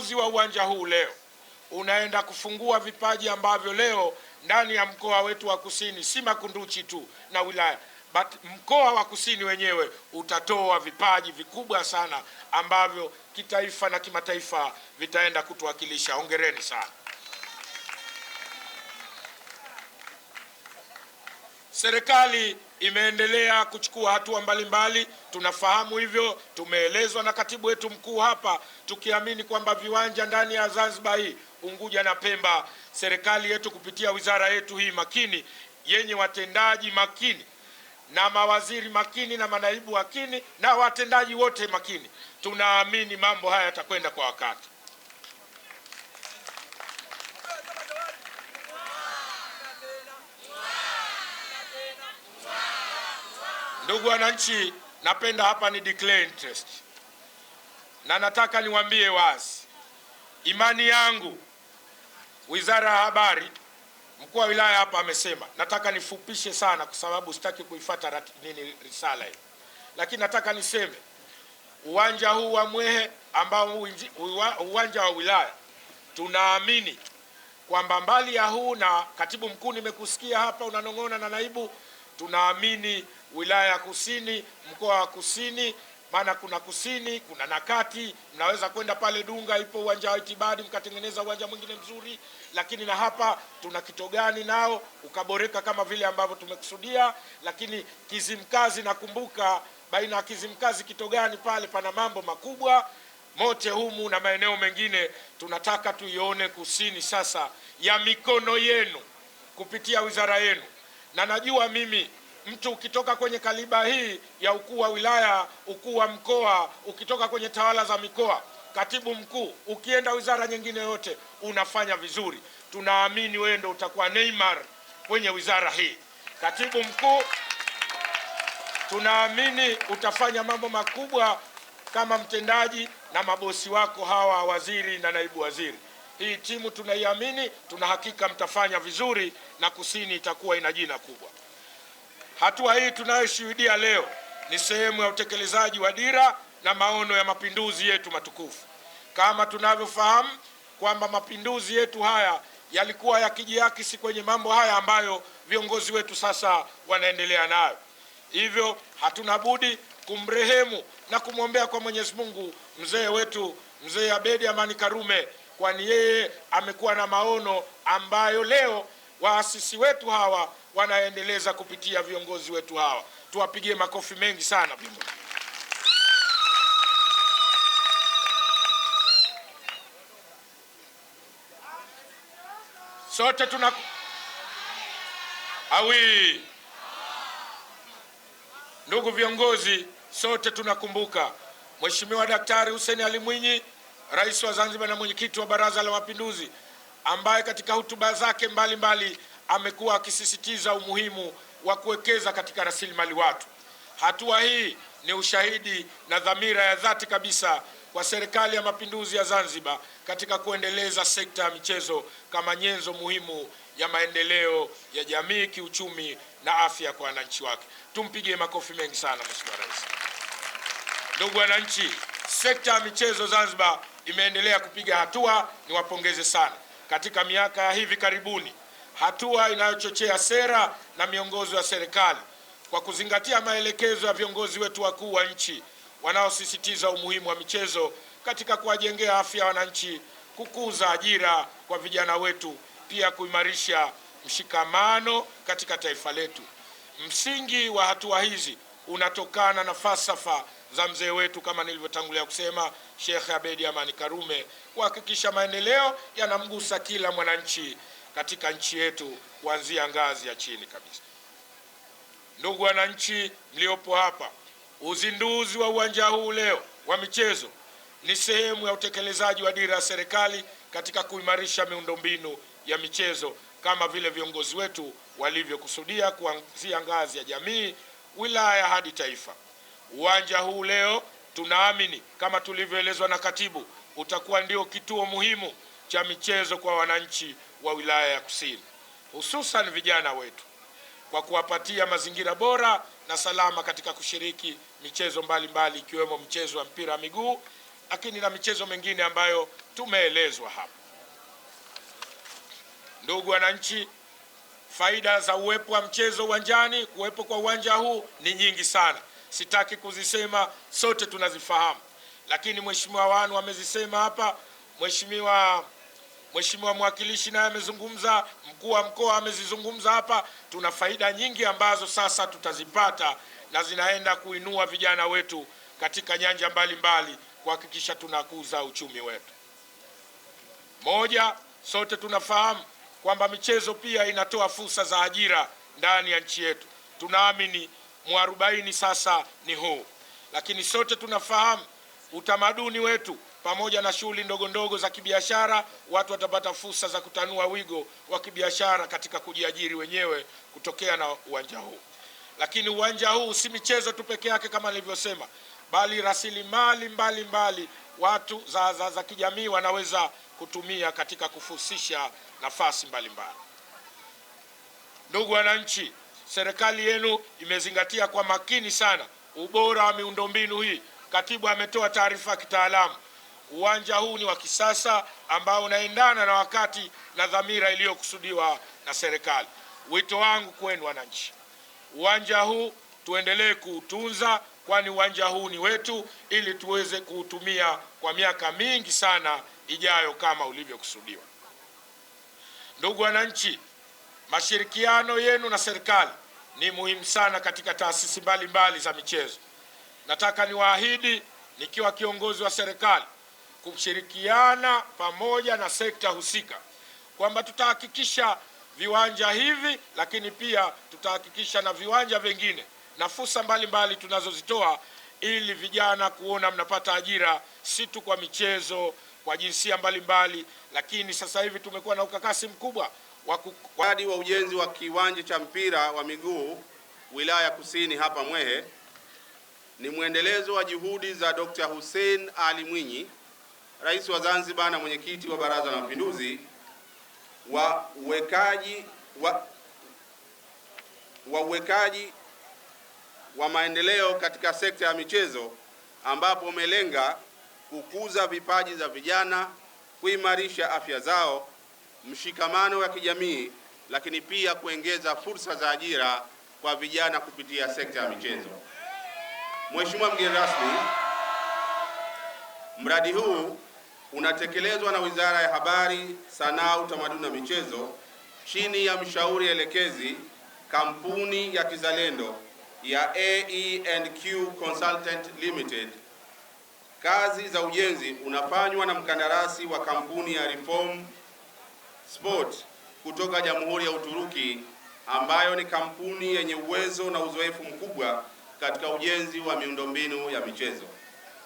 ufunguzi wa uwanja huu leo unaenda kufungua vipaji ambavyo leo ndani ya mkoa wetu wa Kusini si Makunduchi tu na wilaya but mkoa wa Kusini wenyewe utatoa vipaji vikubwa sana ambavyo kitaifa na kimataifa vitaenda kutuwakilisha. Hongereni sana. Serikali imeendelea kuchukua hatua mbalimbali, tunafahamu hivyo, tumeelezwa na katibu wetu mkuu hapa, tukiamini kwamba viwanja ndani ya Zanzibar hii Unguja na Pemba, serikali yetu kupitia wizara yetu hii makini yenye watendaji makini na mawaziri makini na manaibu makini na watendaji wote makini, tunaamini mambo haya yatakwenda kwa wakati. Ndugu wananchi, napenda hapa ni declare interest, na nataka niwaambie wazi imani yangu Wizara ya Habari. Mkuu wa wilaya hapa amesema, nataka nifupishe sana kwa sababu sitaki kuifuata nini risala hii, lakini nataka niseme uwanja huu wa Mwehe ambao uwanja wa wilaya, tunaamini kwamba mbali ya huu na katibu mkuu, nimekusikia hapa unanong'ona na naibu, tunaamini wilaya ya Kusini, mkoa wa Kusini, maana kuna Kusini, kuna Nakati. Mnaweza kwenda pale Dunga, ipo uwanja wa Itibadi, mkatengeneza uwanja mwingine mzuri. Lakini na hapa tuna Kitogani nao ukaboreka kama vile ambavyo tumekusudia. Lakini Kizimkazi, nakumbuka baina ya Kizimkazi Kitogani pale pana mambo makubwa mote humu na maeneo mengine tunataka tuione Kusini sasa ya mikono yenu kupitia wizara yenu, na najua mimi Mtu ukitoka kwenye kaliba hii ya ukuu wa wilaya, ukuu wa mkoa, ukitoka kwenye tawala za mikoa, katibu mkuu, ukienda wizara nyingine yote unafanya vizuri, tunaamini wewe ndo utakuwa Neymar kwenye wizara hii. Katibu mkuu, tunaamini utafanya mambo makubwa kama mtendaji na mabosi wako hawa waziri na naibu waziri. Hii timu tunaiamini, tuna hakika mtafanya vizuri na Kusini itakuwa ina jina kubwa. Hatua hii tunayoshuhudia leo ni sehemu ya utekelezaji wa dira na maono ya mapinduzi yetu matukufu. Kama tunavyofahamu kwamba mapinduzi yetu haya yalikuwa yakijiakisi kwenye mambo haya ambayo viongozi wetu sasa wanaendelea nayo, hivyo hatuna budi kumrehemu na kumwombea kwa Mwenyezi Mungu mzee wetu mzee Abedi Amani Karume, kwani yeye amekuwa na maono ambayo leo waasisi wetu hawa wanaendeleza kupitia viongozi wetu hawa. Tuwapigie makofi mengi sana viongozi. Sote tuna awi, ndugu viongozi, sote tunakumbuka Mheshimiwa Daktari Hussein Ali Mwinyi, Rais wa Zanzibar na mwenyekiti wa Baraza la Mapinduzi, ambaye katika hotuba zake mbalimbali amekuwa akisisitiza umuhimu wa kuwekeza katika rasilimali watu. Hatua hii ni ushahidi na dhamira ya dhati kabisa kwa Serikali ya Mapinduzi ya Zanzibar katika kuendeleza sekta ya michezo kama nyenzo muhimu ya maendeleo ya jamii, kiuchumi na afya kwa wananchi wake. Tumpigie makofi mengi sana Mheshimiwa Rais. Ndugu wananchi, sekta ya michezo Zanzibar imeendelea kupiga hatua, niwapongeze sana. Katika miaka ya hivi karibuni hatua inayochochea sera na miongozo ya serikali kwa kuzingatia maelekezo ya viongozi wetu wakuu wa nchi wanaosisitiza umuhimu wa michezo katika kuwajengea afya wananchi, kukuza ajira kwa vijana wetu, pia kuimarisha mshikamano katika taifa letu. Msingi wa hatua hizi unatokana na falsafa za mzee wetu kama nilivyotangulia kusema, Sheikh Abedi Amani Karume, kuhakikisha maendeleo yanamgusa kila mwananchi katika nchi yetu kuanzia ngazi ya chini kabisa. Ndugu wananchi mliopo hapa, uzinduzi wa uwanja huu leo wa michezo ni sehemu ya utekelezaji wa dira ya serikali katika kuimarisha miundombinu ya michezo kama vile viongozi wetu walivyokusudia kuanzia ngazi ya jamii, wilaya hadi taifa. Uwanja huu leo tunaamini kama tulivyoelezwa na katibu, utakuwa ndio kituo muhimu cha michezo kwa wananchi wa wilaya ya Kusini, hususan vijana wetu kwa kuwapatia mazingira bora na salama katika kushiriki michezo mbalimbali ikiwemo mbali mchezo wa mpira wa miguu, lakini na michezo mingine ambayo tumeelezwa hapa. Ndugu wananchi, faida za uwepo wa mchezo uwanjani, kuwepo kwa uwanja huu ni nyingi sana, sitaki kuzisema, sote tunazifahamu, lakini mheshimiwa Wanu amezisema hapa, mheshimiwa Mheshimiwa mwakilishi naye amezungumza, mkuu wa mkoa amezizungumza hapa. Tuna faida nyingi ambazo sasa tutazipata na zinaenda kuinua vijana wetu katika nyanja mbalimbali, kuhakikisha tunakuza uchumi wetu. Moja, sote tunafahamu kwamba michezo pia inatoa fursa za ajira ndani ya nchi yetu. Tunaamini mwarobaini sasa ni huu, lakini sote tunafahamu utamaduni wetu pamoja na shughuli ndogo ndogo za kibiashara, watu watapata fursa za kutanua wigo wa kibiashara katika kujiajiri wenyewe kutokea na uwanja huu. Lakini uwanja huu si michezo tu peke yake kama nilivyosema, bali rasilimali mbalimbali watu za, za, za kijamii wanaweza kutumia katika kufusisha nafasi mbalimbali. Ndugu wananchi, serikali yenu imezingatia kwa makini sana ubora wa miundombinu hii Katibu ametoa taarifa ya kitaalamu. Uwanja huu ni wa kisasa ambao unaendana na wakati na dhamira iliyokusudiwa na serikali. Wito wangu kwenu wananchi, uwanja huu tuendelee kuutunza, kwani uwanja huu ni wetu, ili tuweze kuutumia kwa miaka mingi sana ijayo kama ulivyokusudiwa. Ndugu wananchi, mashirikiano yenu na serikali ni muhimu sana katika taasisi mbalimbali za michezo. Nataka niwaahidi nikiwa kiongozi wa serikali kushirikiana pamoja na sekta husika kwamba tutahakikisha viwanja hivi, lakini pia tutahakikisha na viwanja vingine na fursa mbalimbali tunazozitoa ili vijana kuona mnapata ajira si tu kwa michezo kwa jinsia mbalimbali mbali, lakini sasa hivi tumekuwa na ukakasi mkubwa wa ujenzi wa kiwanja cha mpira wa miguu wilaya ya Kusini hapa Mwehe ni mwendelezo wa juhudi za Dr. Hussein Ali Mwinyi, Rais wa Zanzibar na mwenyekiti wa Baraza la Mapinduzi wa uwekaji wa, wa uwekaji wa maendeleo katika sekta ya michezo ambapo umelenga kukuza vipaji za vijana, kuimarisha afya zao, mshikamano wa kijamii, lakini pia kuongeza fursa za ajira kwa vijana kupitia sekta ya michezo. Mheshimiwa mgeni rasmi, mradi huu unatekelezwa na Wizara ya Habari, Sanaa, Utamaduni na Michezo chini ya mshauri elekezi kampuni ya kizalendo ya AE&Q Consultant Limited. Kazi za ujenzi unafanywa na mkandarasi wa kampuni ya Reform Sport kutoka Jamhuri ya Uturuki ambayo ni kampuni yenye uwezo na uzoefu mkubwa katika ujenzi wa miundombinu ya michezo.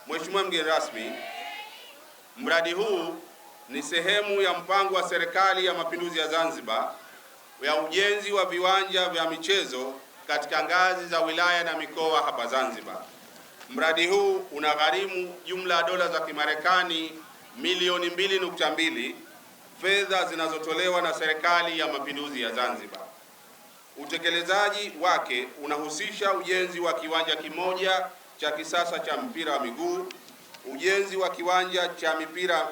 Mheshimiwa mgeni rasmi, mradi huu ni sehemu ya mpango wa Serikali ya Mapinduzi ya Zanzibar ya ujenzi wa viwanja vya michezo katika ngazi za wilaya na mikoa hapa Zanzibar. Mradi huu unagharimu jumla ya dola za Kimarekani milioni 2.2, fedha zinazotolewa na Serikali ya Mapinduzi ya Zanzibar. Utekelezaji wake unahusisha ujenzi wa kiwanja kimoja cha kisasa cha mpira wa miguu, ujenzi wa kiwanja cha mipira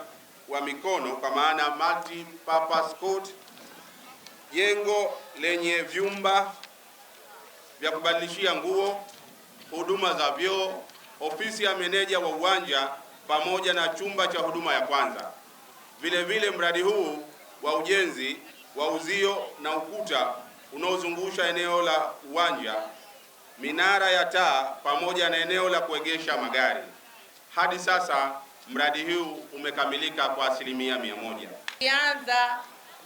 wa mikono kwa maana multi purpose court, jengo lenye vyumba vya kubadilishia nguo, huduma za vyoo, ofisi ya meneja wa uwanja pamoja na chumba cha huduma ya kwanza. Vile vile mradi huu wa ujenzi wa uzio na ukuta unaozungusha eneo la uwanja, minara ya taa pamoja na eneo la kuegesha magari. Hadi sasa mradi huu umekamilika kwa asilimia mia moja. Ulianza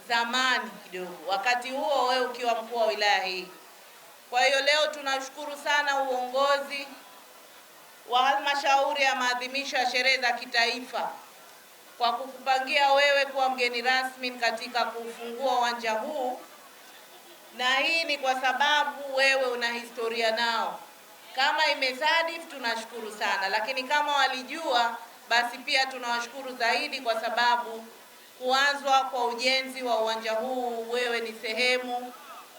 zamani kidogo, wakati huo wewe ukiwa mkuu wa wilaya hii. Kwa hiyo leo tunashukuru sana uongozi wa halmashauri ya maadhimisho ya sherehe za kitaifa kwa kukupangia wewe kuwa mgeni rasmi katika kufungua uwanja huu na hii ni kwa sababu wewe una historia nao. Kama imezadi tunashukuru sana, lakini kama walijua basi pia tunawashukuru zaidi, kwa sababu kuanzwa kwa ujenzi wa uwanja huu wewe ni sehemu,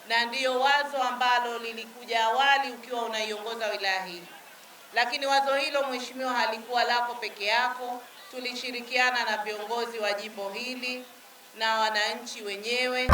na ndiyo wazo ambalo lilikuja awali ukiwa unaiongoza wilaya hii. Lakini wazo hilo mheshimiwa, halikuwa lako peke yako, tulishirikiana na viongozi wa jimbo hili na wananchi wenyewe